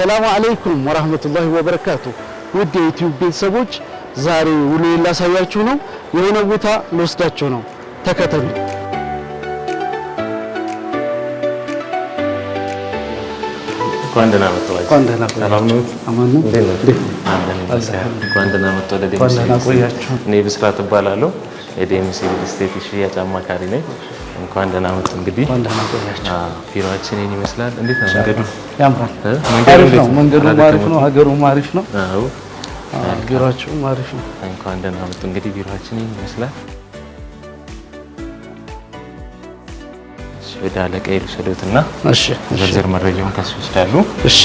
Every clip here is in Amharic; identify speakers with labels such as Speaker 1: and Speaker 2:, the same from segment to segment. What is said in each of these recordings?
Speaker 1: ሰላሙ አለይኩም ወራህመቱላሂ ወበረካቱ። ውድ የዩቲዩብ ቤተሰቦች ዛሬ ውሎ ላሳያችሁ ነው፣ የሆነ ቦታ ልወስዳችሁ ነው። ተከተሉ።
Speaker 2: እንኳን ደህና መጡ። እኔ ብስራት እባላለሁ የዲኤምሲ ሪል ስቴት ሽያጭ አማካሪ ነኝ። እንኳን ደህና መጡ። እንግዲህ ቢሮአችንን ይመስላል።
Speaker 3: እንዴት ነው መንገዱ? ያምራል። መንገዱ አሪፍ ነው። ሀገሩ አሪፍ ነው። አዎ፣ ቢሮአችሁም አሪፍ ነው።
Speaker 2: እንኳን ደህና መጡ። እንግዲህ ቢሮአችንን ይመስላል። ወደ አለቃ ይልሰዶት እሺ፣ ዝርዝር መረጃውን ከሱ ይወስዳሉ።
Speaker 3: እሺ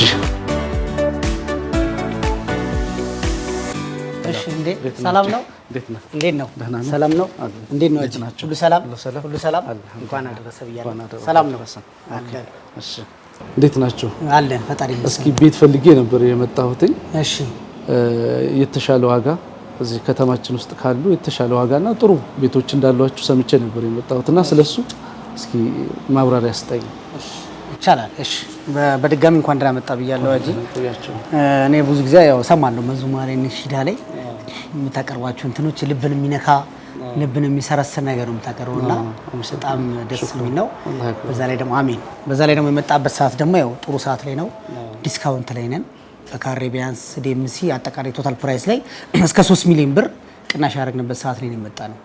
Speaker 4: እሺ፣ እንዴ ሰላም ነው? እንዴት ነው? ሰላም ነው? እንዴት ነው? ሁሉ ሰላም፣ ሁሉ ሰላም። እንኳን አደረሰ ብያለሁ። ሰላም ነው? እሺ፣ እንዴት ናቸው? አለን፣ ፈጣሪ
Speaker 3: እስኪ ቤት ፈልጌ ነበር የመጣሁትኝ። እሺ፣ የተሻለ ዋጋ እዚህ ከተማችን ውስጥ ካሉ የተሻለ ዋጋና ጥሩ ቤቶች እንዳሏችሁ ሰምቼ ነበር የመጣሁትና ስለሱ እስኪ ማብራሪያ ስጠኝ።
Speaker 4: ይቻላል። እሺ በድጋሚ እንኳን ደህና መጣ ብያለሁ። አጂ እኔ ብዙ ጊዜ ያው ሰማለሁ መዝሙር ነሺዳ ላይ የምታቀርባቸው እንትኖች ልብን የሚነካ ልብን የሚሰረስር ነገር ነው የምታቀርበው እና በጣም ደስ የሚል ነው። በዛ ላይ ደግሞ አሜን። በዛ ላይ ደግሞ የመጣበት ሰዓት ደግሞ ያው ጥሩ ሰዓት ላይ ነው። ዲስካውንት ላይ ነን። በካሬ ቢያንስ አጠቃላይ ቶታል ፕራይስ ላይ እስከ ሶስት ሚሊዮን ብር ቅናሽ ያደረግንበት ሰዓት ላይ የመጣ ነው።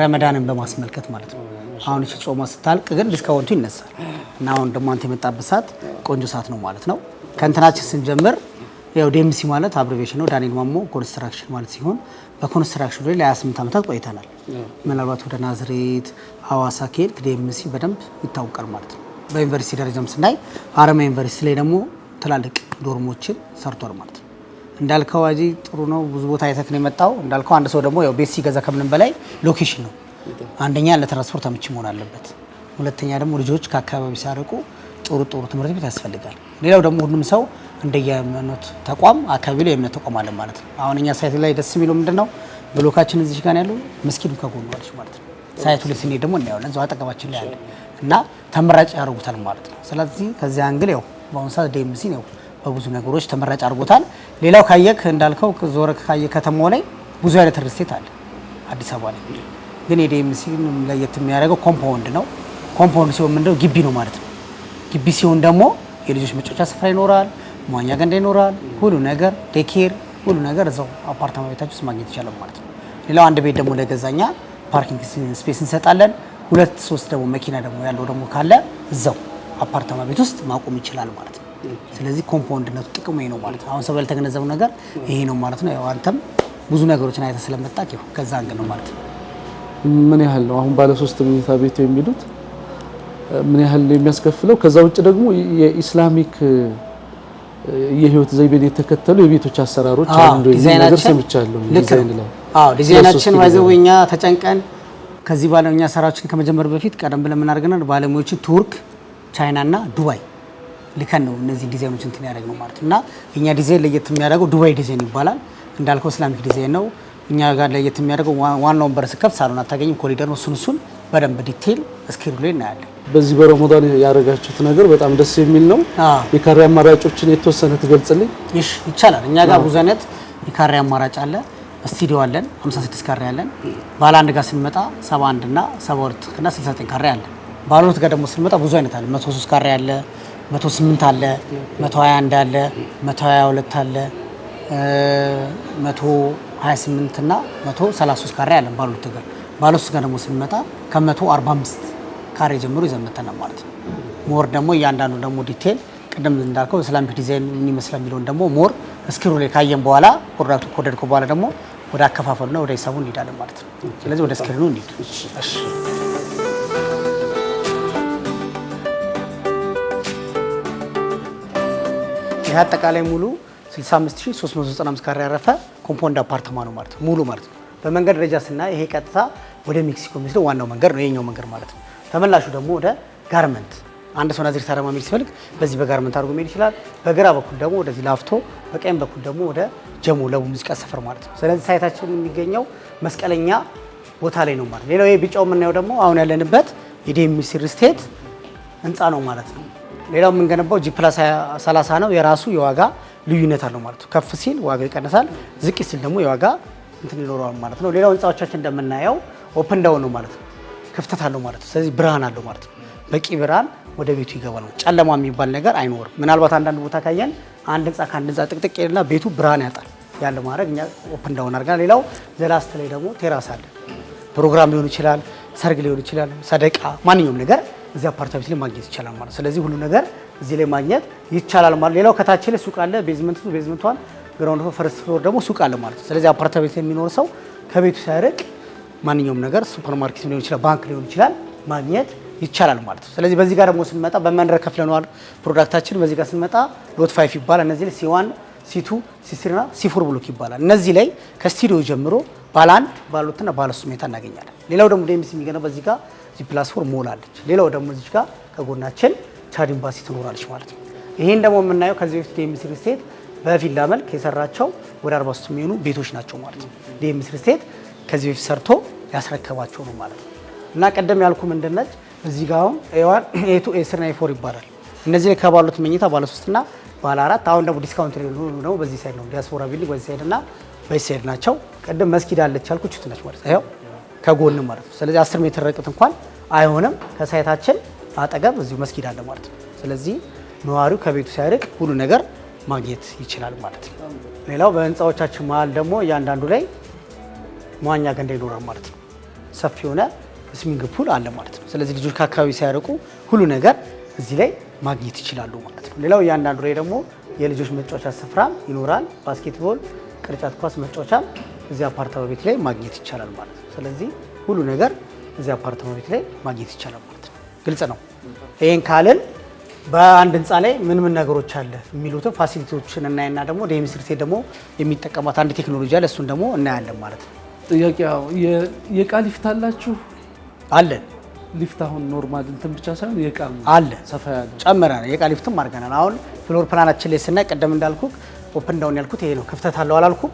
Speaker 4: ረመዳንን በማስመልከት ማለት ነው። አሁን እሺ ጾሟ ስታልቅ ግን ዲስካውንቱ ይነሳል እና አሁን ደግሞ አንተ የመጣበት ሰዓት ቆንጆ ሰዓት ነው ማለት ነው። ከእንትናችን ስንጀምር ያው ዴምሲ ማለት አብሬቬሽን ነው። ዳንኤል ማሞ ኮንስትራክሽን ማለት ሲሆን በኮንስትራክሽን ላይ ለ28 ዓመታት ቆይተናል። ምናልባት ወደ ናዝሬት፣ ሀዋሳ ከሄድክ ዴምሲ በደንብ ይታወቃል ማለት ነው። በዩኒቨርሲቲ ደረጃም ስናይ ሀረማያ ዩኒቨርሲቲ ላይ ደግሞ ትላልቅ ዶርሞችን ሰርቷል ማለት ነው። እንዳልከው አጂ ጥሩ ነው። ብዙ ቦታ አይተክ ነው የመጣው። እንዳልከው አንድ ሰው ደግሞ ያው ቤት ሲገዛ ከምንም በላይ ሎኬሽን ነው። አንደኛ ለትራንስፖርት አመቺ መሆን አለበት። ሁለተኛ ደግሞ ልጆች ከአካባቢ ሲያርቁ ጥሩ ጥሩ ትምህርት ቤት ያስፈልጋል። ሌላው ደግሞ ሁሉም ሰው እንደየእምነት ተቋም አካባቢ ላይ የእምነት ተቋም አለ ማለት ነው። አሁን እኛ ሳይት ላይ ደስ የሚለው ምንድን ነው ብሎካችን እዚህ ጋር ያለው መስጊዱ ከጎኑ አለች ማለት ነው። ሳይቱ ላይ ስንሄድ ደግሞ እናየዋለን፣ እዛው አጠገባችን ላይ አለ እና ተመራጭ ያደርጉታል ማለት ነው። ስለዚህ ከዚህ አንግል ያው በአሁኑ ሰዓት ዴምሲ ነው በብዙ ነገሮች ተመራጭ አድርጎታል። ሌላው ካየክ እንዳልከው ዞረ ካየ ከተማው ላይ ብዙ አይነት ሪልስቴት አለ አዲስ አበባ ላይ ግን የዲኤምሲን ለየት የሚያደርገው ኮምፓውንድ ነው። ኮምፓውንድ ሲሆን ምንድነው ግቢ ነው ማለት ነው። ግቢ ሲሆን ደግሞ የልጆች መጫወቻ ስፍራ ይኖራል፣ መዋኛ ገንዳ ይኖራል፣ ሁሉ ነገር ዴኬር፣ ሁሉ ነገር እዛው አፓርታማ ቤታችሁ ውስጥ ማግኘት ይቻላል ማለት ነው። ሌላው አንድ ቤት ደግሞ ለገዛኛ ፓርኪንግ ስፔስ እንሰጣለን። ሁለት ሶስት ደግሞ መኪና ደግሞ ያለው ደግሞ ካለ እዛው አፓርታማ ቤት ውስጥ ማቆም ይችላል ማለት ነው። ስለዚህ ኮምፓውንድነቱ ጥቅሙ ይሄ ነው ማለት ነው። አሁን ሰው ያልተገነዘበው ነገር ይሄ ነው ማለት ነው። ያው አንተም ብዙ ነገሮችን አይተህ ስለመጣህ ይሁን ከዛ አንግ ነው ማለት ነው።
Speaker 3: ምን ያህል ነው አሁን ባለ ሶስት መኝታ ቤት የሚሉት ምን ያህል የሚያስከፍለው? ከዛ ውጭ ደግሞ የኢስላሚክ የህይወት ዘይቤን የተከተሉ የቤቶች አሰራሮች አንዱ ነገር ሰምቻለሁ። ዲዛይን ላይ
Speaker 4: አዎ፣ ዲዛይናችን ባይዘው እኛ ተጨንቀን ከዚህ ባለሙያ ሰራዎችን ከመጀመር በፊት ቀደም ብለን ምን አድርገናል? ባለሙያዎችን ቱርክ፣ ቻይና እና ዱባይ ልከን ነው እነዚህ ዲዛይኖች እንትን ነው ማለት እና እኛ ዲዛይን ለየት የሚያደርገው ዱባይ ዲዛይን ይባላል። እንዳልከው እስላሚክ ዲዛይን ነው። እኛ ጋር ለየት የሚያደርገው ዋናውን በር ስከፍት ሳሎን አታገኝም፣ ኮሪደር ነው። እሱን እሱን በደንብ ዲቴል እስክሪኑ ላይ እናያለን።
Speaker 3: በዚህ በረመዳን ያደረጋችሁት ነገር በጣም ደስ የሚል ነው። የካሬ አማራጮችን የተወሰነ ትገልጽልኝ
Speaker 4: ይሽ ይቻላል? እኛ ጋር ብዙ አይነት የካሬ አማራጭ አለ። ስቱዲዮ አለን 56 ካሬ አለን። ባለ አንድ ጋር ስንመጣ 71 እና 72 እና 69 ካሬ አለ። ባለ ሁለት ጋር ደግሞ ስንመጣ ብዙ አይነት አለ። 103 ካሬ አለ መቶ ስምንት አለ መቶ ሀያ አንድ አለ መቶ ሀያ ሁለት አለ መቶ ሀያ ስምንት እና መቶ ሰላሳ ሶስት ካሬ አለን ባሉት ጋር ባሉት ጋር ደግሞ ስንመጣ ከመቶ አርባ አምስት ካሬ ጀምሮ ይዘምተናል ማለት ነው። ሞር ደግሞ እያንዳንዱ ደግሞ ዲቴል ቅድም እንዳልከው ስላምፒ ዲዛይን ምን ይመስላል የሚለውን ደግሞ ሞር እስክሩ ላይ ካየን በኋላ ፕሮዳክቱ ከወደድኩ በኋላ ደግሞ ወደ አከፋፈሉና ወደ ሂሳቡ እንሄዳለን ማለት ነው። ስለዚህ ወደ እስክሪኑ እንሂድ። ይህ አጠቃላይ ሙሉ 65395 ካሬ ያረፈ ኮምፓውንድ አፓርትማ ነው ማለት ነው። ሙሉ ማለት ነው። በመንገድ ደረጃ ስናይ ይሄ ቀጥታ ወደ ሜክሲኮ የሚወስደው ዋናው መንገድ ነው፣ የኛው መንገድ ማለት ነው። ተመላሹ ደግሞ ወደ ጋርመንት አንድ ሰው ናዝሬት አዳማ መሄድ ሲፈልግ በዚህ በጋርመንት አድርጎ መሄድ ይችላል። በግራ በኩል ደግሞ ወደዚህ ላፍቶ፣ በቀኝ በኩል ደግሞ ወደ ጀሞ ለቡ ሙዚቃ ሰፈር ማለት ነው። ስለዚህ ሳይታችን የሚገኘው መስቀለኛ ቦታ ላይ ነው ማለት ነው። ሌላው ይሄ ቢጫው የምናየው ደግሞ አሁን ያለንበት የዲኤምሲ ሪል ስቴት ህንፃ ነው ማለት ነው። ሌላው የምንገነባው ጂ ፕላስ 30 ነው። የራሱ የዋጋ ልዩነት አለው ማለት ነው። ከፍ ሲል ዋጋ ይቀንሳል፣ ዝቅ ሲል ደግሞ የዋጋ እንትን ይኖረዋል ማለት ነው። ሌላው ህንፃዎቻችን እንደምናየው ኦፕን ዳውን ነው ማለት ነው። ክፍተት አለው ማለት ነው። ስለዚህ ብርሃን አለው ማለት ነው። በቂ ብርሃን ወደ ቤቱ ይገባል። ጨለማ የሚባል ነገር አይኖርም። ምናልባት አንዳንድ ቦታ ካየን አንድ ህንፃ ከአንድ ህንፃ ጥቅጥቅ ይልና ቤቱ ብርሃን ያጣል። ያለ ማድረግ እኛ ኦፕን ዳውን አድርገናል። ሌላው ዘላስት ላይ ደግሞ ቴራስ አለ። ፕሮግራም ሊሆን ይችላል፣ ሰርግ ሊሆን ይችላል፣ ሰደቃ ማንኛውም ነገር እዚህ አፓርታሜንት ላይ ማግኘት ይቻላል ማለት። ስለዚህ ሁሉ ነገር እዚህ ላይ ማግኘት ይቻላል ማለት። ሌላው ከታች ላይ ሱቅ አለ፣ ቤዝመንት ቤዝመንቷን፣ ግራውንድ ፎር ፈርስት ፍሎር ደግሞ ሱቅ አለ ማለት። ስለዚህ አፓርታ ላይ የሚኖር ሰው ከቤቱ ሳይርቅ ማንኛውም ነገር ሱፐርማርኬት ሊሆን ይችላል፣ ባንክ ሊሆን ይችላል ማግኘት ይቻላል ማለት ነው። ስለዚህ በዚህ ጋር ደግሞ ስንመጣ በመንረ ከፍለነዋል ፕሮዳክታችን። በዚህ ጋር ስንመጣ ሎት ፋይፍ ይባላል። እነዚህ ላይ ሲዋን፣ ሲቱ፣ ሲስሪና ሲፎር ብሎክ ይባላል። እነዚህ ላይ ከስቱዲዮ ጀምሮ ባለ አንድ ባለ ሁለትና ባለ ሶስት ሜታ እናገኛለን። ሌላው ደግሞ ደሚስ የሚገነው በዚህ ጋር እዚህ ሞል አለች። ሌላው ደግሞ እዚህ ጋር ከጎናችን ቻድ ኤምባሲ ትኖራለች ማለት ነው። ይሄን ደግሞ የምናየው ከዚህ በፊት ዲኤምሲ ሪል ስቴት በቪላ መልክ የሰራቸው ወደ 43 የሚሆኑ ቤቶች ናቸው ማለት ነው። ዲኤምሲ ሪል ስቴት ከዚህ በፊት ሰርቶ ያስረከባቸው ነው ማለት ነው። እና ቀደም ያልኩ ምንድነች እዚህ ጋር አሁን ኤዋን ኤቱ ኤስና ኤፎር ይባላል። እነዚህ ከባሉት መኝታ ባለ 3 እና ባለ 4 አሁን ደግሞ ዲስካውንት ነው ደግሞ በዚህ ሳይድ ነው ዲያስፖራ ቢልዲንግ በዚህ ሳይድ እና በዚህ ሳይድ ናቸው። ቀደም መስጊድ አለች ያልኩ ችት ነች ማለት ይኸው ከጎን ማለት ነው። ስለዚህ 10 ሜትር ርቀት እንኳን አይሆንም ከሳይታችን አጠገብ እዚሁ መስጊድ አለ ማለት ነው። ስለዚህ ነዋሪው ከቤቱ ሳይርቅ ሁሉ ነገር ማግኘት ይችላል ማለት ነው። ሌላው በህንፃዎቻችን መሀል ደግሞ እያንዳንዱ ላይ መዋኛ ገንዳ ይኖራል ማለት ነው። ሰፊ የሆነ ስሚንግ ፑል አለ ማለት ነው። ስለዚህ ልጆች ከአካባቢ ሳይርቁ ሁሉ ነገር እዚህ ላይ ማግኘት ይችላሉ ማለት ነው። ሌላው እያንዳንዱ ላይ ደግሞ የልጆች መጫወቻ ስፍራም ይኖራል። ባስኬትቦል፣ ቅርጫት ኳስ መጫወቻም እዚህ አፓርታማ ቤት ላይ ማግኘት ይቻላል ማለት ነው። ስለዚህ ሁሉ ነገር እዚህ አፓርታማ ቤት ላይ ማግኘት ይቻላል ማለት ነው። ግልጽ ነው። ይህን ካልን በአንድ ህንፃ ላይ ምን ምን ነገሮች አለ የሚሉትን ፋሲሊቲዎችን እናይና ደግሞ ዴሚስርቴ ደግሞ የሚጠቀሟት አንድ ቴክኖሎጂ አለ። እሱን ደግሞ እናያለን ማለት ነው።
Speaker 3: ጥያቄ የእቃ ሊፍት አላችሁ? አለን። ሊፍት አሁን ኖርማል እንትን ብቻ ሳይሆን የቃ
Speaker 4: አለ ሰፋ ያለ ጨምረን የቃ ሊፍትም አድርገናል። አሁን ፍሎር ፕላናችን ላይ ስናይ ቀደም እንዳልኩ ኦፕን ዳውን ያልኩት ይሄ ነው። ክፍተት አለው አላልኩም?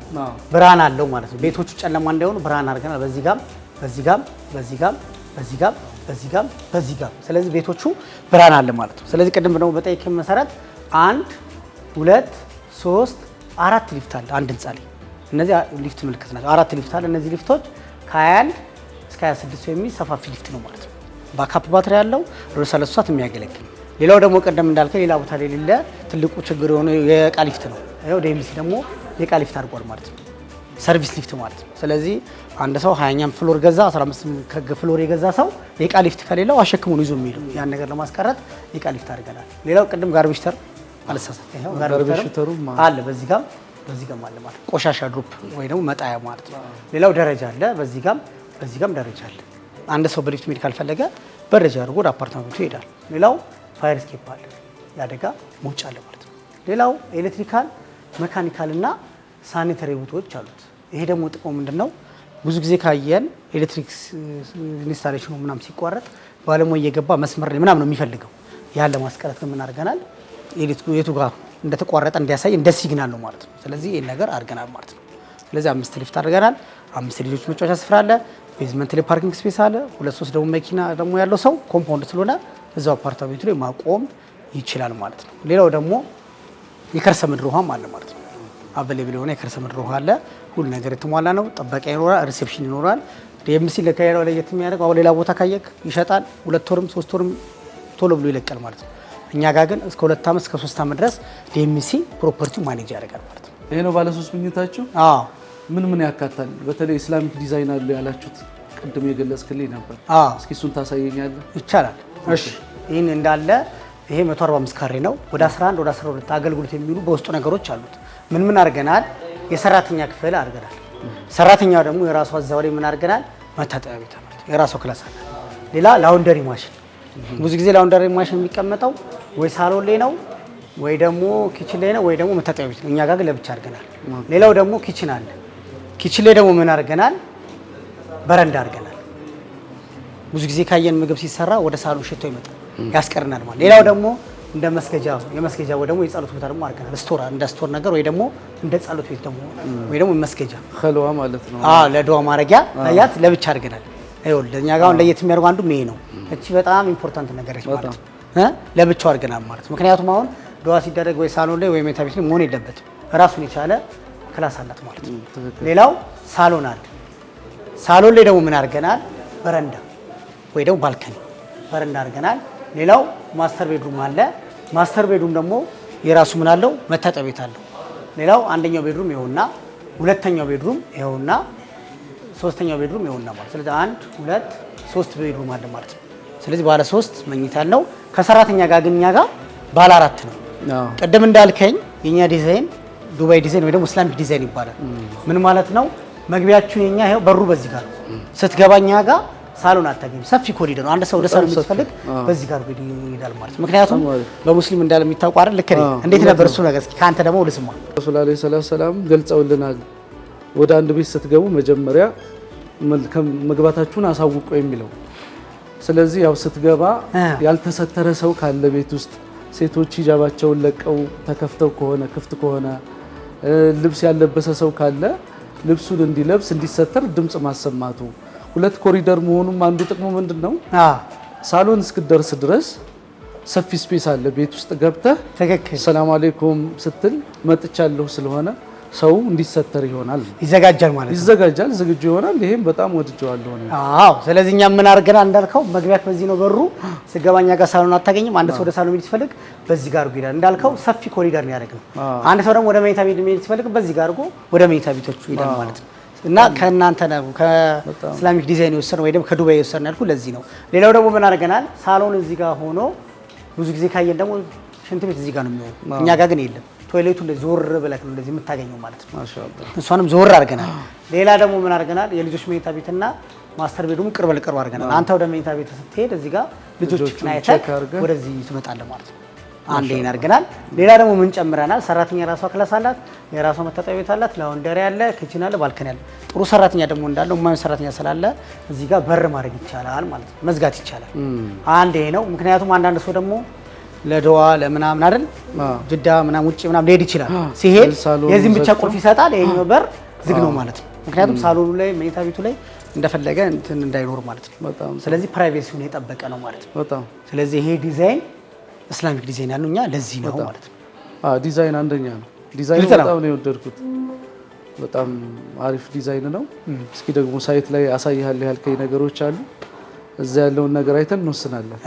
Speaker 4: ብርሃን አለው ማለት ነው። ቤቶቹ ጨለማ እንዳይሆኑ ብርሃን አድርገናል። በዚህ ጋም በዚህ ጋም በዚህ ጋም በዚህ ጋም በዚህ ጋም በዚህ ጋም። ስለዚህ ቤቶቹ ብርሃን አለ ማለት ነው። ስለዚህ ቅድም ደግሞ በጠይቅ መሰረት አንድ ሁለት ሶስት አራት ሊፍት አለ አንድ ህንፃ ላይ። እነዚህ ሊፍት ምልክት ናቸው። አራት ሊፍት አለ። እነዚህ ሊፍቶች ከ21 እስከ 26 የሚል ሰፋፊ ሊፍት ነው ማለት ነው። ባካፕ ባትሪ ያለው ሮድ ለሷት የሚያገለግል ሌላው ደግሞ ቀደም እንዳልከ ሌላ ቦታ ላይ የሌለ ትልቁ ችግር የሆነ የእቃ ሊፍት ነው። ወደ ኤምሲ ደግሞ የቃ ሊፍት አድርጓል ማለት ነው። ሰርቪስ ሊፍት ማለት ነው። ስለዚህ አንድ ሰው ሀያኛም ፍሎር ገዛ 15 ፍሎር የገዛ ሰው የቃ ሊፍት ከሌለው አሸክሙን ይዞ የሚሄዱ ያን ነገር ለማስቀረት የቃ ሊፍት አድርገናል። ሌላው ቅድም ጋርቢሽተር አልሳሳትም
Speaker 3: ጋርቤሽተሩም
Speaker 4: አለ በዚህ ጋም በዚህ ጋም አለ ማለት ቆሻሻ ድሮፕ ወይ ደግሞ መጣያ ማለት ነው። ሌላው ደረጃ አለ በዚህ ጋም በዚህ ጋም ደረጃ አለ። አንድ ሰው በሊፍት መሄድ ካልፈለገ በደረጃ አድርጎ ወደ አፓርትመንቱ ይሄዳል። ሌላው ፋየር ስኬፕ አለ፣ የአደጋ መውጫ አለ ማለት ነው። ሌላው ኤሌክትሪካል መካኒካልና ሳኒተሪ ውጦች አሉት። ይሄ ደግሞ ጥቅሙ ምንድን ነው? ብዙ ጊዜ ካየን ኤሌክትሪክ ኢንስታሌሽኑ ምናም ሲቋረጥ ባለሙያ እየገባ መስመር ላይ ምናምን ነው የሚፈልገው። ያን ለማስቀረት ግን ምን አድርገናል? የቱ ጋር እንደተቋረጠ እንዲያሳይ እንደ ሲግናል ነው ማለት ነው። ስለዚህ ይህን ነገር አድርገናል ማለት ነው። ስለዚህ አምስት ሊፍት አድርገናል። አምስት ልጆች መጫወቻ ስፍራ አለ። ቤዝመንት ላይ ፓርኪንግ ስፔስ አለ። ሁለት ሶስት ደግሞ መኪና ደግሞ ያለው ሰው ኮምፓውንድ ስለሆነ እዛው አፓርታሜንቱ ላይ ማቆም ይችላል ማለት ነው። ሌላው ደግሞ የከርሰ ምድር ውሃም አለ ማለት ነው። አቬሌብል የሆነ የከርሰ ምድር ውሃ አለ። ሁሉ ነገር የተሟላ ነው። ጥበቃ ይኖራል፣ ሪሴፕሽን ይኖራል። ዲኤምሲ ለካሄራው ለየት የሚያደርገው አሁን ሌላ ቦታ ካየክ ይሸጣል፣ ሁለት ወርም ሶስት ወርም ቶሎ ብሎ ይለቀል ማለት ነው። እኛ ጋር ግን እስከ ሁለት ዓመት እስከ ሶስት ዓመት ድረስ ዲኤምሲ ፕሮፐርቲው ማኔጅ ያደርጋል ማለት ነው።
Speaker 3: ይሄ ነው ባለሶስት ምኝታችሁ? አዎ። ምን ምን ያካታል? በተለይ ኢስላሚክ ዲዛይን አለ ያላችሁት ቅድም የገለጽክልኝ ነበር። እስኪ እሱን ታሳየኛለህ?
Speaker 4: ይቻላል። እሺ። ይህን እንዳለ ይሄ 145 ካሬ ነው። ወደ 11 ወደ 12 አገልግሎት የሚውሉ በውስጡ ነገሮች አሉት። ምን ምን አድርገናል? የሰራተኛ ክፍል አድርገናል። ሰራተኛው ደግሞ የራሷ እዛው ላይ ምን አድርገናል? መታጠቢያ ቤት ማለት የራሷ ክላስ አለ። ሌላ ላውንደሪ ማሽን፣ ብዙ ጊዜ ላውንደሪ ማሽን የሚቀመጠው ወይ ሳሎን ላይ ነው ወይ ደግሞ ኪችን ላይ ነው ወይ ደግሞ መታጠቢያ ቤት ነው። እኛ ጋር ግን ለብቻ አድርገናል። ሌላው ደግሞ ኪችን አለ። ኪችን ላይ ደግሞ ምን አድርገናል? በረንዳ አድርገናል። ብዙ ጊዜ ካየን ምግብ ሲሰራ ወደ ሳሎን ሽቶ ይመጣል። ያስቀርናል ማለት። ሌላው ደግሞ እንደ መስገጃ የመስገጃ ወይ ደግሞ የጸሎት ቦታ ደግሞ አድርገናል። ስቶር እንደ ስቶር ነገር ወይ ደግሞ እንደ ጸሎት ቤት ደግሞ ወይ ደግሞ መስገጃ
Speaker 3: ኸልዋ ማለት ነው።
Speaker 4: አዎ ለዱዓ ማረጊያ ያት ለብቻ አድርገናል። ይኸውልህ እኛ ጋር ለየት የሚያደርገው አንዱ ይሄ ነው። እቺ በጣም ኢምፖርታንት ነገር ነች ማለት ነው። ለብቻው አድርገናል ማለት ምክንያቱም አሁን ዱዓ ሲደረግ ወይ ሳሎን ላይ ወይ መኝታ ቤት ላይ መሆን የለበትም። ራሱን የቻለ ክላስ አላት ማለት ነው። ሌላው ሳሎን አለ። ሳሎን ላይ ደግሞ ምን አድርገናል? በረንዳ ወይ ደግሞ ባልከኒ በረንዳ አድርገናል። ሌላው ማስተር ቤድሩም አለ። ማስተር ቤድሩም ደግሞ የራሱ ምን አለው መታጠቢያ ቤት አለው። ሌላው አንደኛው ቤድሩም ይኸውና፣ ሁለተኛው ቤድሩም ይኸውና፣ ሶስተኛው ቤድሩም ይኸውና ማለት ስለዚህ አንድ ሁለት ሶስት ቤድሩም አለ ማለት ነው። ስለዚህ ባለ ሶስት መኝታ ነው። ከሰራተኛ ጋር ግን እኛ ጋር ባለ አራት ነው። ቅድም እንዳልከኝ የኛ ዲዛይን ዱባይ ዲዛይን ወይ ደግሞ እስላሚክ ዲዛይን ይባላል። ምን ማለት ነው? መግቢያችሁ የኛ ይኸው በሩ በዚህ ጋር ስትገባ እኛ ጋር ሳሎን አታገኝም። ሰፊ ኮሪደር ነው። አንድ ሰው ወደ ሳሎን ስትፈልግ በዚህ ጋር ቢዲ ይሄዳል ማለት ምክንያቱም በሙስሊም እንዳለ የሚታወቁ አይደል? ልክ ነኝ። እንዴት ነበር እሱ ነገር? እስኪ ካንተ ደግሞ ልስማ።
Speaker 3: ረሱል አለይሂ ሰላቱ ሰላም ገልጸውልናል። ወደ አንድ ቤት ስትገቡ መጀመሪያ መግባታችሁን አሳውቆ የሚለው ስለዚህ ያው ስትገባ ያልተሰተረ ሰው ካለ ቤት ውስጥ ሴቶች ሂጃባቸውን ለቀው ተከፍተው ከሆነ ክፍት ከሆነ ልብስ ያለበሰ ሰው ካለ ልብሱን እንዲለብስ እንዲሰተር ድምፅ ማሰማቱ ሁለት ኮሪደር መሆኑም አንዱ ጥቅሙ ምንድን ነው? ሳሎን እስክደርስ ድረስ ሰፊ ስፔስ አለ። ቤት ውስጥ ገብተህ ትክክል ሰላም አለይኩም ስትል መጥቻለሁ ስለሆነ ሰው እንዲሰተር ይሆናል፣
Speaker 4: ይዘጋጃል ማለት ነው።
Speaker 3: ይዘጋጃል፣ ዝግጁ ይሆናል። ይሄም በጣም ወድጀዋለሁ።
Speaker 4: አዎ። ስለዚህ እኛ ምን አድርገን እንዳልከው መግቢያት በዚህ ነው፣ በሩ ስገባኛ ጋር ሳሎን አታገኝም። አንድ ሰው ወደ ሳሎን ቤት ሲፈልግ በዚህ ጋር አድርጎ እንዳልከው ሰፊ ኮሪደር ነው ያደረግነው። አንድ ሰው ደግሞ ወደ መኝታ ቤት ሲፈልግ በዚህ ጋር አድርጎ ወደ መኝታ ቤቶቹ ይሄዳል ማለት ነው። እና ከእናንተ ነው ከእስላሚክ ዲዛይን የወሰድነው ወይ ደግሞ ከዱባይ የወሰድነው ያልኩ ለዚህ ነው። ሌላው ደግሞ ምን አድርገናል? ሳሎን እዚህ ጋር ሆኖ ብዙ ጊዜ ካየን ደግሞ ሽንት ቤት እዚህ ጋር ነው የሚሆነው። እኛ ጋር ግን የለም። ቶይሌቱ ዞር ብለህ ነው እንደዚህ የምታገኘው ማለት ነው። እሷንም ዞር አድርገናል። ሌላ ደግሞ ምን አድርገናል? የልጆች መኝታ ቤትና ማስተር ቤድሩም ቅርብ ለቅርብ አድርገናል። አንተ ወደ መኝታ ቤት ስትሄድ እዚህ ጋር ልጆች ናይተህ ወደዚህ ትመጣለህ ማለት ነው። አንዴን ይናርግናል። ሌላ ደግሞ ምን ጨምረናል? ሰራተኛ የራሷ ክላስ አላት፣ የራሷ መታጠቢያ ቤት አላት፣ ላውንደሪ አለ፣ ክችን አለ፣ ባልከን ያለ። ጥሩ ሰራተኛ ደግሞ እንዳለው ማን ሰራተኛ ስላለ እዚህ ጋር በር ማድረግ ይቻላል ማለት ነው፣ መዝጋት ይቻላል። አንድ ይሄ ነው። ምክንያቱም አንዳንድ ሰው ደግሞ ለደዋ ለምናምን አይደል ጅዳ ምናምን ውጭ ምናምን ሊሄድ ይችላል። ሲሄድ የዚህም ብቻ ቁልፍ ይሰጣል፣ ይሄኛው በር ዝግ ነው ማለት ነው። ምክንያቱም ሳሎኑ ላይ መኝታ ቤቱ ላይ እንደፈለገ እንትን እንዳይኖር ማለት ነው። ስለዚህ ፕራይቬሲውን የጠበቀ ነው ማለት ነው። ስለዚህ ይሄ ዲዛይን እስላሚክ ዲዛይን ያለው እኛ ለዚህ ነው ማለት ነው።
Speaker 3: ዲዛይን አንደኛ ነው። ዲዛይን በጣም ነው የወደድኩት። በጣም አሪፍ ዲዛይን ነው። እስኪ ደግሞ ሳይት ላይ አሳይሃል ያልከኝ ነገሮች አሉ። እዛ ያለውን ነገር አይተን እንወስናለን።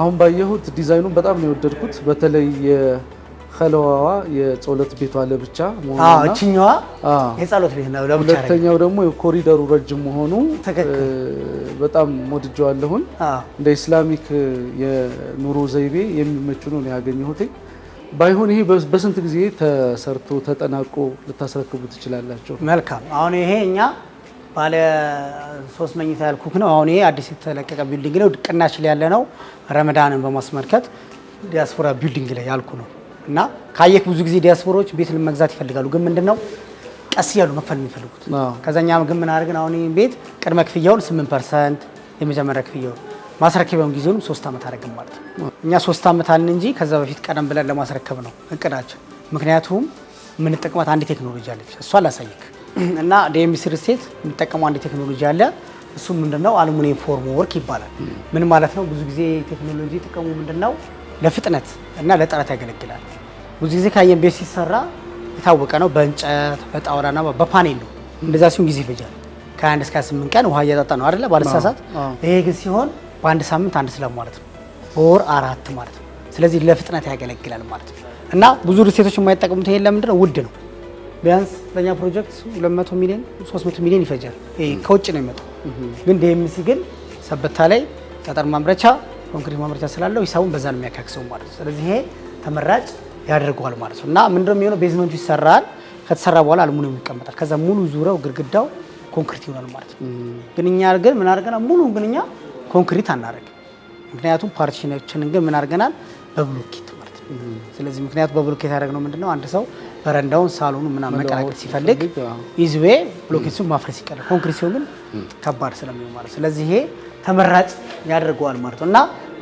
Speaker 3: አሁን ባየሁት ዲዛይኑን በጣም ነው የወደድኩት። በተለይ ከለዋዋ የጸሎት ቤቷ ለብቻ
Speaker 4: እችኛዋ የጸሎት ቤት
Speaker 3: ነው። ሁለተኛው ደግሞ የኮሪደሩ ረጅም መሆኑ በጣም ወድጀዋለሁን። እንደ ኢስላሚክ የኑሮ ዘይቤ የሚመች ነው ያገኘሁት። ባይሆን ይሄ በስንት ጊዜ ተሰርቶ ተጠናቆ ልታስረክቡ ትችላላቸው?
Speaker 4: መልካም። አሁን ይሄ እኛ ባለ ሶስት መኝታ ያልኩክ ነው። አሁን ይሄ አዲስ የተለቀቀ ቢልዲንግ ነው። ቅናሽ ላይ ያለ ነው። ረመዳንን በማስመልከት ዲያስፖራ ቢልዲንግ ላይ ያልኩ ነው። እና ካየክ ብዙ ጊዜ ዲያስፖሮች ቤት መግዛት ይፈልጋሉ፣ ግን ምንድነው ቀስ እያሉ መክፈል የሚፈልጉት። ከዛኛ ግን ምን አድርገን አሁን ይሄን ቤት ቅድመ ክፍያውን 8% የመጀመሪያ ክፍያውን ማስረከቢያውን ጊዜውንም ሶስት ዓመት አደረግን ማለት ነው። እኛ ሶስት ዓመት አልን እንጂ ከዛ በፊት ቀደም ብለን ለማስረከብ ነው እቅዳችን። ምክንያቱም የምንጠቅማት አንድ ቴክኖሎጂ አለች፣ እሷ አላሳይክ እና ዲኤምሲ ሪልስቴት የምንጠቀመው አንድ ቴክኖሎጂ አለ። እሱ ምንድነው አሉሚኒየም ፎርም ወርክ ይባላል። ምን ማለት ነው? ብዙ ጊዜ ቴክኖሎጂ ጥቅሙ ምንድነው? ለፍጥነት እና ለጥራት ያገለግላል። ብዙ ጊዜ ካየን ቤት ሲሰራ የታወቀ ነው። በእንጨት በጣውላና በፓኔል ነው። እንደዛ ሲሆን ጊዜ ይፈጃል። ከአንድ እስከ ስምንት ቀን ውሃ እያጠጣ ነው አይደለ? ባለሳሳት ይሄ ግን ሲሆን በአንድ ሳምንት አንድ ስለም ማለት ነው፣ በወር አራት ማለት ነው። ስለዚህ ለፍጥነት ያገለግላል ማለት ነው። እና ብዙ ሪሴቶች የማይጠቀሙት ይሄን ለምንድን ነው? ውድ ነው። ቢያንስ ለእኛ ፕሮጀክት 200 ሚሊዮን 300 ሚሊዮን ይፈጃል። ከውጭ ነው የሚመጣው። ግን ዲኤምሲ ግን ሰበታ ላይ ጠጠር ማምረቻ፣ ኮንክሪት ማምረቻ ስላለው ሂሳቡን በዛ ነው የሚያካክሰው ማለት ነው። ስለዚህ ይሄ ተመራጭ ያደርገዋል ማለት ነው። እና ምንድነው የሚሆነው? ቤዝመንቱ ይሰራል። ከተሰራ በኋላ አልሙኒየም ይቀመጣል። ከዛ ሙሉ ዙሪያው ግድግዳው ኮንክሪት ይሆናል ማለት ነው። ግን እኛ ግን ምን አድርገናል? ሙሉ ግን እኛ ኮንክሪት አናደርግም። ምክንያቱም ፓርቲሽኖችን ግን ምን አድርገናል? በብሎኬት ማለት ነው። ስለዚህ ምክንያቱ በብሎኬት ያደረግነው ምንድነው? አንድ ሰው በረንዳውን ሳሎኑ ምናምን መቀላቀል ሲፈልግ ኢዝዌ ብሎኬቱ ማፍረስ ይቀላል። ኮንክሪት ሲሆን ግን ከባድ ስለሚሆን ማለት ስለዚህ ይሄ ተመራጭ ያደርገዋል ማለት ነው እና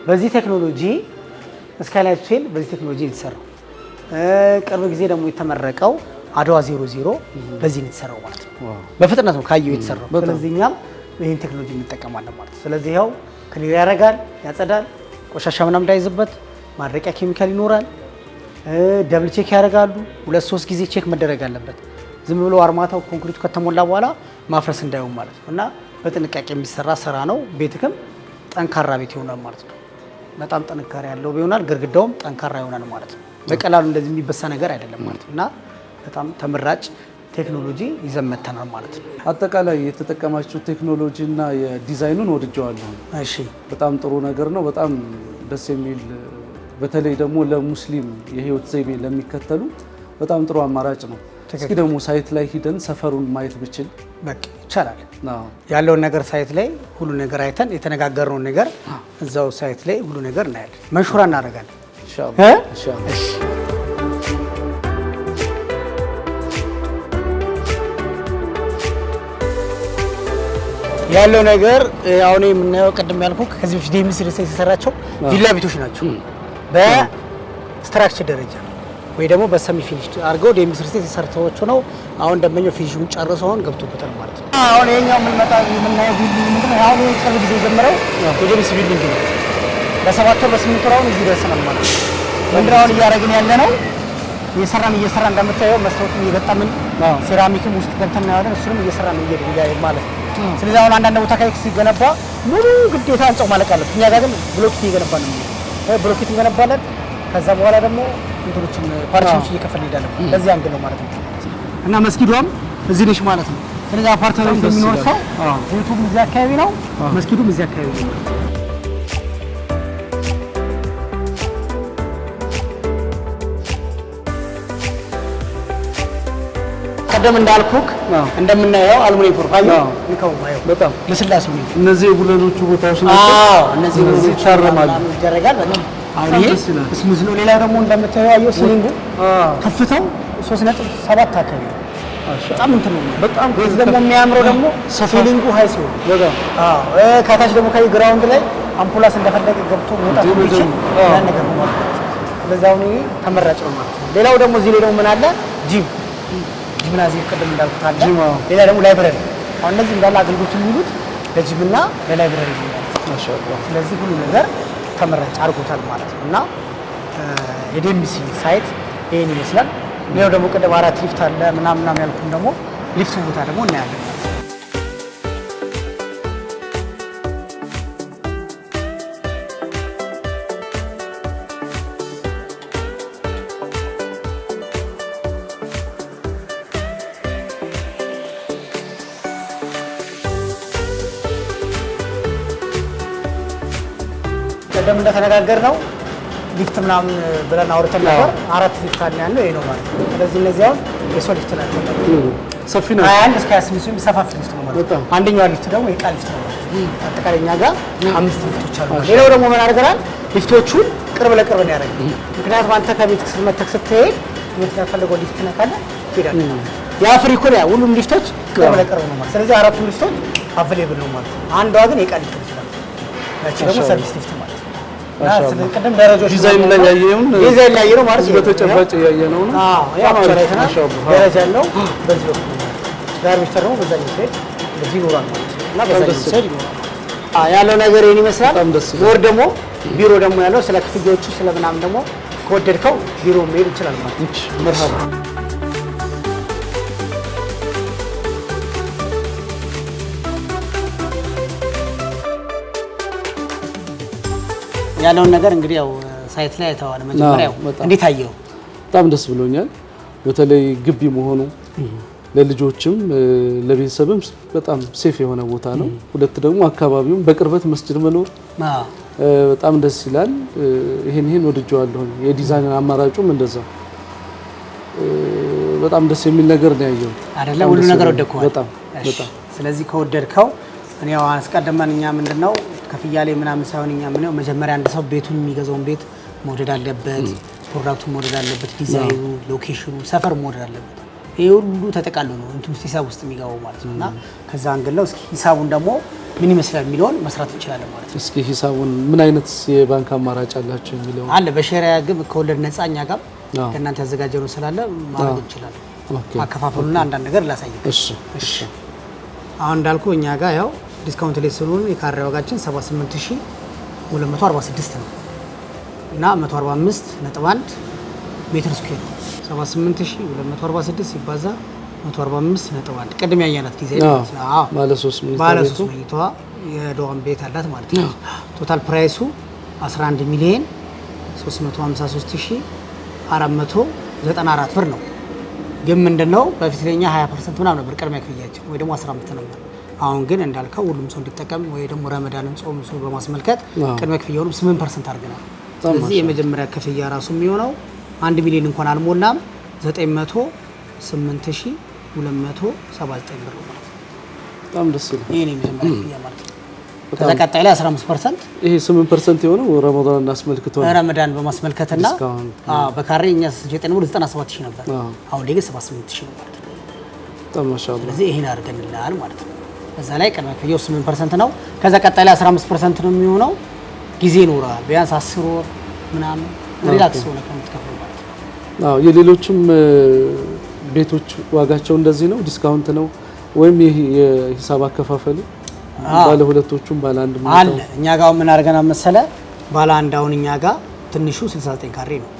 Speaker 4: በዚህ ቴክኖሎጂ ስካይላይት ፌል በዚህ ቴክኖሎጂ የተሰራው ቅርብ ጊዜ ደግሞ የተመረቀው አድዋ ዜሮ ዜሮ በዚህ ነው የተሰራው ማለት ነው። በፍጥነት ነው ካየው የተሰራው። ስለዚህ እኛም ይህን ቴክኖሎጂ እንጠቀማለን ማለት ነው። ስለዚህ ያው ክሊር ያደርጋል፣ ያጸዳል፣ ቆሻሻ ምናምን እንዳይዝበት ማድረቂያ ኬሚካል ይኖራል። ደብል ቼክ ያደርጋሉ። ሁለት ሶስት ጊዜ ቼክ መደረግ አለበት። ዝም ብሎ አርማታው ኮንክሪቱ ከተሞላ በኋላ ማፍረስ እንዳይሆን ማለት ነው እና በጥንቃቄ የሚሰራ ስራ ነው። ቤትክም ጠንካራ ቤት ይሆናል ማለት ነው። በጣም ጥንካሬ ያለው ይሆናል። ግርግዳውም ጠንካራ ይሆናል ማለት ነው። በቀላሉ እንደዚህ የሚበሳ ነገር አይደለም ማለት ነው እና በጣም ተመራጭ ቴክኖሎጂ ይዘን መተናል ማለት ነው።
Speaker 3: አጠቃላይ የተጠቀማችሁ እና የዲዛይኑን ወድጀዋለሁ። እሺ፣ በጣም ጥሩ ነገር ነው። በጣም ደስ የሚል በተለይ ደግሞ ለሙስሊም የህይወት ዘይቤ ለሚከተሉ በጣም ጥሩ አማራጭ ነው። እስኪ ደግሞ ሳይት ላይ ሂደን ሰፈሩን ማየት ብችል
Speaker 4: በቃ ይቻላል። ያለውን ነገር ሳይት ላይ ሁሉ ነገር አይተን የተነጋገርነውን ነገር እዛው ሳይት ላይ ሁሉ ነገር እናያለን። መሹራ እናደርጋለን። إن شاء الله ያለው ነገር አሁን የምናየው ቅድም ያልኩ ከዚህ በፊት ዴሚስ ሪልስቴት የተሰራቸው ቪላ ቤቶች ናቸው። በስትራክቸር ደረጃ ወይ ደግሞ በሰሚ ፊኒሽ አድርገው ዴሚስ ሪልስቴት የተሰርተዎቹ ነው። አሁን ደንበኛው ፊኒሽን ጨርሶ አሁን ገብቶበታል ማለት ነው። አሁን ይኸኛው የምንመጣ የምናየው ቢልዲንግ ምንድን ነው? አሁን ቅርብ ጊዜ የጀመረው የዴሚስ ቢልዲንግ ነው። በሰባት ወር በስምንት ወር አሁን እዚህ ደርሰናል ማለት ነው። ወንድራውን እያደረግን ያለ ነው እየሰራን እየሰራ እንደምታየው መስታወቱን እየገጠምን ሴራሚክም ውስጥ ገብተን እናያለን። እሱንም እየሰራን እየሄድን ማለት ነው። ስለዚህ አሁን አንዳንድ ቦታ ካይክ ሲገነባ ሙሉ ግዴታ ህንጻው ማለቅ አለበት። እኛ ጋር ግን ብሎኬት እየገነባ ነው። ብሎኬት እንገነባለን። ከዛ በኋላ ደግሞ እንትኖችን ፓርቲዎች እየከፈል እንሄዳለን። ለዚህ አንግል ነው ማለት ነው። እና መስጊዷም እዚህ ነሽ ማለት ነው። ስለዚህ አፓርታመንት የሚኖር ሰው ቤቱም እዚህ አካባቢ ነው፣ መስጊዱም እዚህ አካባቢ ነው። ቀደም እንዳልኩክ እንደምናየው አልሙኒየም ፎርፋዮ ልከው ባየው በጣም ለስላሴ
Speaker 3: ነው። እነዚህ ጉለሎቹ ቦታዎች
Speaker 4: ናቸው። እነዚህ ጉለሎቹ ታረማሉ ይደረጋል። በጣም አሁን ይሄ ስሙዝ ነው። ሌላ ደግሞ እንደምታየው ሲሊንጉ ከፍተው 3.7 አካባቢ በጣም እንትን ነው። በጣም ወይስ ደግሞ የሚያምረው ደግሞ ሲሊንጉ ሃይ ሲሆን በጣም አዎ። ከታች ደግሞ ከዚህ ግራውንድ ላይ አምፑላስ እንደፈለገ ገብቶ መውጣት ይችላል። ያን ነገር ነው ማለት ነው። ለዛውኒ አሁን ተመራጭ ነው ማለት ነው። ሌላው ደግሞ እዚህ ላይ ደግሞ ምን አለ ጂም ጂምናዚየም ቅድም እንዳልኩት አለ። ሌላ ደግሞ ላይብረሪ አሁን እነዚህ እንዳለ አገልግሎት የሚሉት ለጂምና ለላይብረሪ ነው። ስለዚህ ሁሉ ነገር ተመራጭ አድርጎታል ማለት ነው እና የደምሲ ሳይት ይህን ይመስላል። ሌላው ደግሞ ቅድም አራት ሊፍት አለ ምናምናም ያልኩም ደግሞ ሊፍቱ ቦታ ደግሞ እናያለን። ቀደም እንደተነጋገር ነው ሊፍት ምናምን ብለን አውርተን ነበር። አራት ሊፍት አለ ያለው ይሄ ነው ማለት ነው። ስለዚህ እነዚህ አሁን የሰው ሊፍት ናቸው። ሰፊ ነው። ሀያ አንድ እስከ ሀያ ስምንት ሰው የሚሰፋፍ ሊፍት ነው ማለት ነው። አንደኛው ሊፍት ደግሞ የዕቃ ሊፍት ነው። አጠቃላይ እኛ ጋር አምስት ሊፍቶች አሉ። ሌላው ደግሞ ምን አድርገናል? ሊፍቶቹን ቅርብ ለቅርብ ነው ያደረግ። ምክንያቱም አንተ ከቤት ስትመተክ ስትሄድ የምትፈልገው ሊፍት ነካለ ትሄዳለህ። የአፍሪ ኮሪያ ሁሉም ሊፍቶች ቅርብ ለቅርብ ነው ማለት ስለዚህ አራቱም ሊፍቶች አቬሌብል ነው ማለት ነው። አንዷ ግን የዕቃ ሊፍት ነው ያቺ ደግሞ ሰርቪስ ሊፍት ነው። ቅድም ደረጃዎች ዲዛይን ላይ ያየውን ዲዛይን ላይ ያየነው ማለት
Speaker 3: በተጨባጭ ያየነው ነው።
Speaker 4: አዎ ደረጃ ያለው በዚህ በኩል ጋርሚስተር በዛ ይሄድ በዚህ ይኖራል ማለት ነው። እና በዛ ይሄድ ይኖራል። ያለው ነገር ይሄን ይመስላል። ወር ደግሞ ቢሮ ደግሞ ያለው ስለ ክፍያዎቹ ስለምናምን ደግሞ ከወደድከው ቢሮ መሄድ ይችላል ማለት ነው። ያለውን ነገር እንግዲህ ያው ሳይት ላይ አይተዋል። መጀመሪያው እንዴት አየው?
Speaker 3: በጣም ደስ ብሎኛል። በተለይ ግቢ መሆኑ ለልጆችም ለቤተሰብም በጣም ሴፍ የሆነ ቦታ ነው። ሁለት ደግሞ አካባቢውም በቅርበት መስጅድ መኖር በጣም ደስ ይላል። ይሄን ይሄን ወድጀዋለሁ። የዲዛይን አማራጩም እንደዛ በጣም ደስ የሚል ነገር ነው ያየው።
Speaker 4: አይደለ? ሁሉ ነገር ወደድከዋል በጣም በጣም። ስለዚህ ከወደድከው እኔ ያው አስቀድመን እኛ ምንድነው ከፍያ ላይ ምናምን ሳይሆን እኛ ምንው መጀመሪያ አንድ ሰው ቤቱን የሚገዛውን ቤት መውደድ አለበት፣ ፕሮዳክቱን መውደድ አለበት፣ ዲዛይኑ፣ ሎኬሽኑ፣ ሰፈር መውደድ አለበት። ይህ ሁሉ ተጠቃሉ ነው እንትን ውስጥ ሂሳብ ውስጥ የሚገባው ማለት ነው። እና ከዛ ነው እስኪ ሂሳቡን ደግሞ ምን ይመስላል የሚለውን መስራት እንችላለን ማለት ነው። እስኪ ሂሳቡን ምን አይነት የባንክ አማራጭ አላቸው የሚለው አለ። በሸሪያ ግብ ከወለድ ነጻ እኛ ጋር ያዘጋጀ ያዘጋጀነው ስላለ ማድረግ እንችላለን። አከፋፈሉና አንዳንድ ነገር ላሳይ። እሺ፣ እሺ። አሁን እንዳልኩ እኛ ጋር ያው ዲስካውንት ላይ ስሉን የካሬ ዋጋችን 78246 ነው እና 145 ነጥብ 1 ሜትር ስኩዌር 78246 ሲባዛ 145 ነጥብ 1 ቅድም ያያናት ጊዜ ባለ 3 መኝቷ የዶዋን ቤት አላት ማለት ነው። ቶታል ፕራይሱ 11 ሚሊዮን 353494 ብር ነው። ግን ምንድነው በፊት ለኛ 20 ፐርሰንት ምናምን ነበር ቅድሚያ ክፍያቸው ወይ ደግሞ 15 ነበር አሁን ግን እንዳልከው ሁሉም ሰው እንዲጠቀም ወይ ደግሞ ረመዳንም ጾም ሱ በማስመልከት ቅድመ ክፍያውንም ስምንት ፐርሰንት አድርገናል። ስለዚህ የመጀመሪያ ክፍያ ራሱ የሚሆነው አንድ ሚሊዮን እንኳን አልሞላም ዘጠኝ መቶ ስምንት ሺ ሁለት መቶ ሰባ ዘጠኝ ብር ነው። በጣም ደስ ይላል። ይሄ የመጀመሪያ ክፍያ ማለት ነው። ከዛ ላይ 15%
Speaker 3: ይሄ 8% የሆነው ረመዳን እናስመልክቶ
Speaker 4: ረመዳን በማስመልከትና በካሬ እኛ 97 ሺህ ነበር፣ አሁን ላይ ግን 78 ሺህ ነው ማለት ነው። ስለዚህ ይሄን አድርገንላል ማለት ነው። እዛ ላይ ቅድመ ክፍያው 8 ፐርሰንት ነው። ከዛ ቀጣይ 15 ፐርሰንት ነው የሚሆነው። ጊዜ ይኖራል፣ ቢያንስ 10 ወር ምናምን ሪላክስ ሆነ ከምትከፍለው ማለት
Speaker 3: ነው። የሌሎችም ቤቶች ዋጋቸው እንደዚህ ነው፣ ዲስካውንት ነው ወይም ይህ የሂሳብ አከፋፈሉ ባለ ሁለቶቹም ባለ አንድ
Speaker 4: አለ። እኛ ጋር ምን አድርገናል መሰለ፣ ባለ አንድ አሁን እኛ ጋር ትንሹ 69 ካሬ ነው።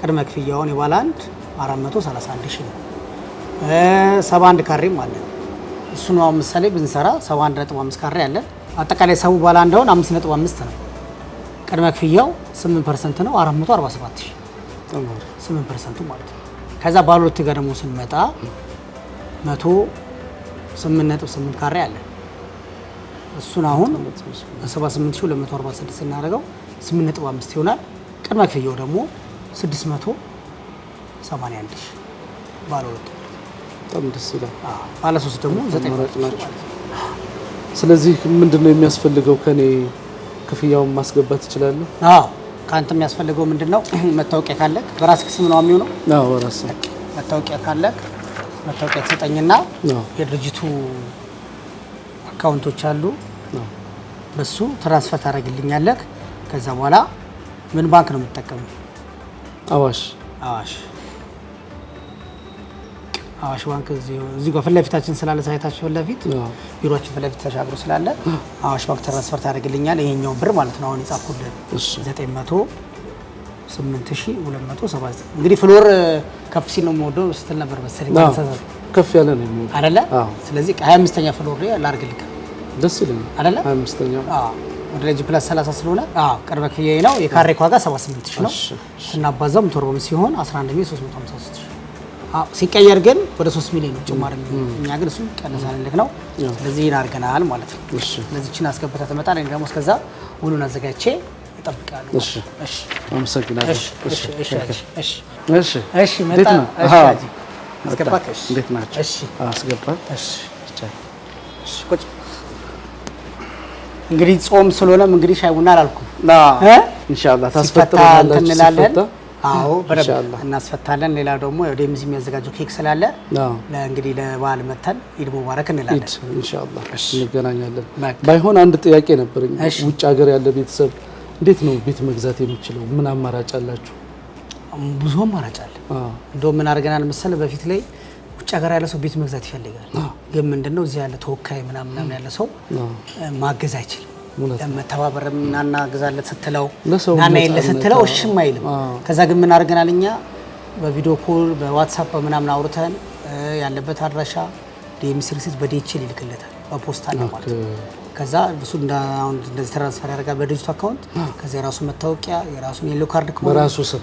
Speaker 4: ቅድመ ክፍያውን የባለ አንድ 431 ሺህ ነው። 71 ካሬም አለን እሱ ነው። አሁን ምሳሌ ብንሰራ 71.5 ካሬ ያለ አጠቃላይ ሰው ባለ አንዳውን 5.5 ነው። ቅድመ ክፍያው 8 ነው። 447 8 ማለት ነው። ከዛ ባለ ሁለት ጋር ደግሞ ስንመጣ 108.8 ካሬ አለ። እሱን አሁን 78246 ስናደርገው 8.5 ይሆናል። ቅድመ ክፍያው ደግሞ 681 ሺህ ባለ ሁለት በጣም ደስ ይላል። ባለ ሶስት ደግሞ ዘጠኝ ናቸው። ስለዚህ ምንድን ነው የሚያስፈልገው? ከኔ ክፍያውን ማስገባት ይችላለሁ? አዎ ከአንተ የሚያስፈልገው ምንድን ነው? መታወቂያ ካለክ በራስ ክስም ነው የሚሆነው። አዎ መታወቂያ ካለክ መታወቂያ ተሰጠኝና የድርጅቱ አካውንቶች አሉ፣ በሱ ትራንስፈር ታደርግልኛለህ። ከዛ በኋላ ምን ባንክ ነው የምትጠቀመው? አዋሽ አዋሽ አዋሽ ባንክ እዚህ ጋር ፊት ለፊታችን ስላለ ሳይታችሁ ፊት ለፊት ቢሮችን ፊት ለፊት ተሻግሮ ስላለ አዋሽ ባንክ ትራንስፈር ታደርግልኛል። ይሄኛውን ብር ማለት ነው። አሁን የጻፍኩልን 98279 እንግዲህ ፍሎር ከፍ ሲል ነው የምወደው ስትል ነበር መሰለኝ። ከፍ ያለ ነው የሚወደው አይደለ? ስለዚህ 25ኛ ፍሎር ላይ ላድርግልህ ደስ ይለኛል አይደለ? 25ኛ አዎ ወደ ላይ ፕላስ 30 ስለሆነ ቅርበ ክፍያዬ ነው። የካሬ ዋጋ 78000 ነው። ስናባዛው ቶርቦም ሲሆን 11353 ሲቀየር ግን ወደ 3 ሚሊዮን ጭማሪ እኛ ግን እሱ ቀንሳል ልክ ነው። ስለዚህ ይህን አድርገናል ማለት ነው። ለዚችን አስገብታ ተመጣ ላይ ደግሞ እስከዛ ሁሉን አዘጋጅቼ እጠብቃለሁ። እንግዲህ ጾም ስለሆነም እንግዲህ ሻይ ቡና አላልኩም። ኢንሻላህ ታስፈጥሩ እንላለን አዎ እናስፈታለን። ሌላ ደግሞ ዴምዚ የሚያዘጋጀው ኬክ ስላለ እንግዲህ ለበዓል መተን ኢድ ሙባረክ እንላለን። ኢንሻላህ እንገናኛለን። ባይሆን አንድ ጥያቄ ነበረኝ። ውጭ ሀገር ያለ ቤተሰብ እንዴት ነው ቤት መግዛት የሚችለው? ምን አማራጭ አላችሁ? ብዙ አማራጭ አለ። እንደውም ምን አድርገናል መሰለ በፊት ላይ ውጭ ሀገር ያለ ሰው ቤት መግዛት ይፈልጋል፣ ግን ምንድነው እዚህ ያለ ተወካይ ምናምን ያለ ሰው ማገዝ አይችልም ለመተባበርም ናና ስትለው ናና የለ ስትለው እሽም አይልም። ከዛ ግን ምን አድርገናል እኛ በቪዲዮ ኮል በዋትሳፕ በምናምን አውርተን ያለበት አድራሻ ዲኤምሲ ሪሰርች በዲኤችኤል ይልክለታል በፖስታ ማለት ከዛ እሱ እንደዚህ ትራንስፈር ያደርጋል በዲጂቱ አካውንት ከዚ የራሱ መታወቂያ የራሱን የሎ ካርድ በራሱ ስም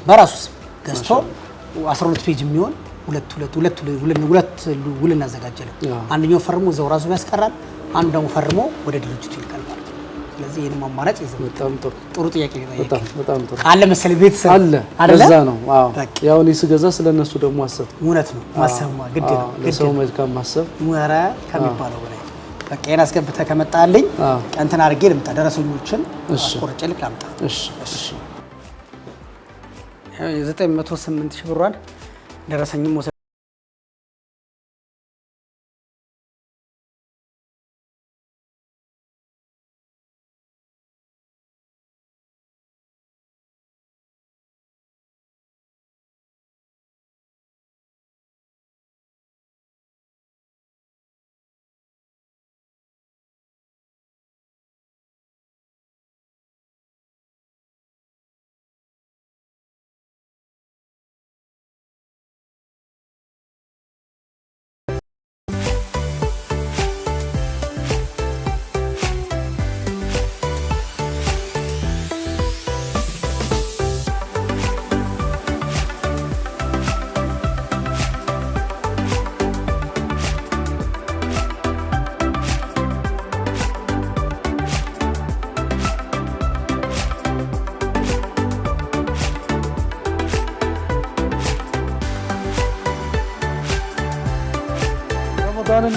Speaker 4: ገዝቶ 12 ፔጅ የሚሆን ሁለት ሁለት ሁለት ሁለት ውል እናዘጋጀለን። አንደኛው ፈርሞ እዛው ራሱ ያስቀራል። አንድ ደግሞ ፈርሞ ወደ ድርጅቱ ይልካል። ስለዚህ ይሄን አማራጭ ይዘው በጣም ጥሩ ጥሩ ጥያቄ ነው። በጣም ጥሩ አለ መሰለኝ ቤተሰብ አለ አይደለ? ነው። አዎ ያው እኔ ስገዛ ስለነሱ ደግሞ አሰብ እውነት ነው ማሰብማ ግድ ነው። ለሰው መልካም ማሰብ ኧረ ከሚባለው በላይ በቃ ይሄን አስገብተህ ከመጣልኝ እንትን አድርጌ ልምጣ፣ ደረሰኞችን አስቆርጬ ልክ ላምጣ። እሺ እሺ 908 ሺህ ብሯን ደረሰኝም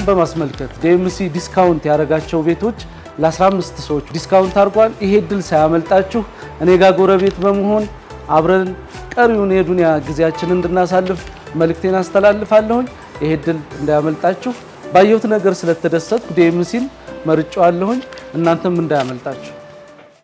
Speaker 4: በማስመልከት ዴምሲ ዲስካውንት ያደረጋቸው ቤቶች ለ15 ሰዎች ዲስካውንት አድርጓል። ይሄ ድል ሳያመልጣችሁ እኔ ጋር ጎረቤት በመሆን አብረን ቀሪውን የዱንያ ጊዜያችን እንድናሳልፍ መልእክቴን አስተላልፋለሁኝ። ይሄ ድል እንዳያመልጣችሁ። ባየሁት ነገር ስለተደሰት ዴምሲን መርጫዋለሁኝ። እናንተም እንዳያመልጣችሁ።